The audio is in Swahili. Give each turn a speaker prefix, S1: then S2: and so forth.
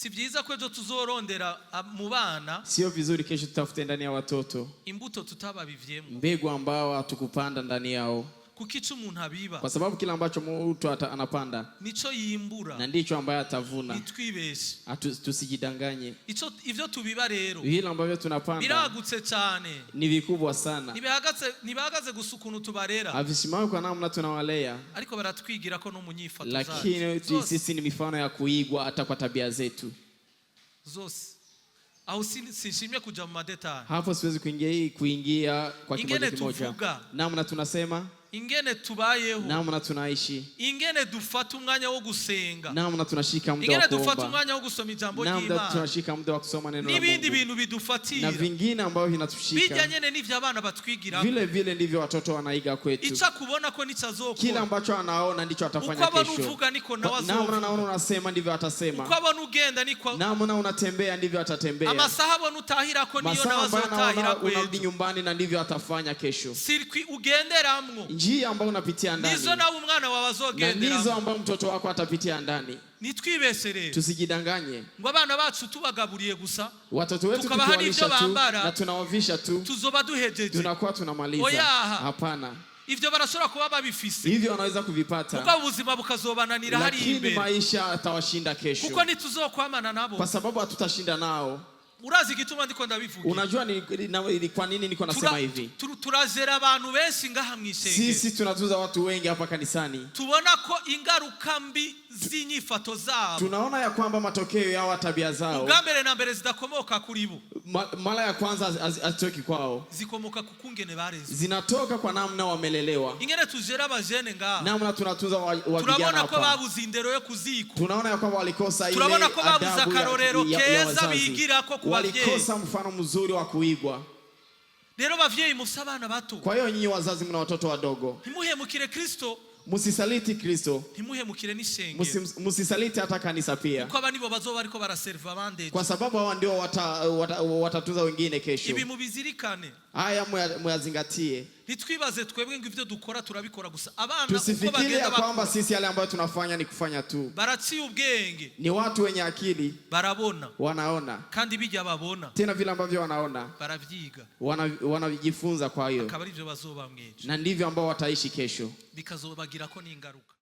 S1: Si vyiza ko tuzorondera ah, mu bana,
S2: sio vizuri kesho tutafute ndani ya watoto
S1: imbuto tutababivyemo,
S2: mbegu ambao hatukupanda ndani yao kwa sababu kila ambacho mtu anapanda
S1: nicho yimbura
S2: na ndicho ambayo atavuna.
S1: Nitwibeshe,
S2: tusijidanganye.
S1: Ico ivyo tubiba rero,
S2: vile ambavyo tunapanda
S1: biragutse cyane,
S2: ni vikubwa sana,
S1: nibihagaze nibahagaze gusa ukuntu tubarera,
S2: avisimama kwa namna tunawalea,
S1: ariko baratwigira ko no munyifato
S2: zacu, lakini sisi ni mifano ya kuigwa hata kwa tabia zetu
S1: zose. Au sinshimye kuja mu madetali
S2: hapo, siwezi kuingia kuingia kwa kimoja kimoja, namna tunasema
S1: ingene tubayeho
S2: namna tunaishi,
S1: ingene dufata umwanya wo gusenga,
S2: namna tunashika muda,
S1: ingene dufata umwanya wo gusoma ijambo
S2: ry'Imana, namna tunashika muda wa kusoma neno la
S1: Mungu, n'ibindi bintu bidufatira
S2: na vingine ambavyo vinatushika,
S1: bijanye ne nivyo abana batwigira,
S2: vile vile ndivyo watoto wanaiga kwetu.
S1: Icha kubona ko nichazoko,
S2: kila ambacho anaona ndicho atafanya
S1: kesho. kwa uvuga niko na wazo,
S2: namna naona unasema ndivyo atasema,
S1: kwa ukabona ugenda niko,
S2: namna unatembea ndivyo atatembea,
S1: ama sahabu nutahira ko niyo na wazo tahira
S2: kwetu, unarudi nyumbani na ndivyo atafanya kesho,
S1: sirwi ugenderamwo
S2: njia ambayo unapitia ndani
S1: nizo na umwana wawe
S2: azogendera nizo ambayo mtoto wako atapitia ndani.
S1: Nitwibeshe
S2: tusijidanganye
S1: ngo abana bacu tubagaburiye gusa,
S2: watoto wetu tukabahanisha n'ibyo bambara na tunawavisha tu,
S1: tuzoba duhejeje,
S2: tunakuwa tunamaliza. Oyaha, hapana
S1: Ivyo barashobora kuba babifise,
S2: ivyo wanaweza kuvipata,
S1: kuko ubuzima bukazobananira hari
S2: imbere, lakini maisha atawashinda kesho,
S1: kuko nituzokwamana nabo,
S2: kwa sababu hatutashinda nao.
S1: Urazi kituma ndiko ndabivuga,
S2: unajua ni, ni kwa nini niko nasema hivi
S1: turazera abantu benshi ngaha mu isengero.
S2: Sisi tunatuza watu wengi hapa kanisani.
S1: ko ingaruka mbi z'inyifato zabo.
S2: Tunaona ya kwamba matokeo yao tabia zao.
S1: Ugambere na mbere zidakomoka kuri bo.
S2: Ma, mara ya kwanza azitoki kwao.
S1: Zikomoka kukungene
S2: Zinatoka kwa namna wamelelewa.
S1: Ingene tuzera abajene ngaha.
S2: Namna tunatuza wa,
S1: ko babuze indero yo kuziko.
S2: Tunaona ya kwamba walikosa ile. Turabona ko babuze keza bigira ko Walikosa mfano mzuri wa kuigwa
S1: rero bavyeyi mufite abana bato
S2: kwa hiyo nyinyi wazazi mna watoto wadogo
S1: ntimuhemukire kristo
S2: musisaliti kristo
S1: ntimuhemukire n'isengero
S2: musisaliti hata kanisa pia
S1: kuko aba nibo bazoba ariko baraserva abandi
S2: kwa sababu hawa ndio watatunza wata, wata wengine kesho
S1: ibi mubizirikane
S2: haya muyazingatie
S1: Nitwibaze twebwe ngo ivyo dukora turabikora gusa.
S2: Abana tusifikiri ya kwamba sisi yale ambayo tunafanya ni kufanya tu.
S1: baraciye ubwenge.
S2: Ni watu wenye akili. Barabona. Wanaona.
S1: Kandi bijya babona.
S2: Tena vile ambavyo wanaona.
S1: Baravyiga.
S2: Wanajifunza wana kwa hiyo. Na ndivyo ambao wataishi kesho. ni ingaruka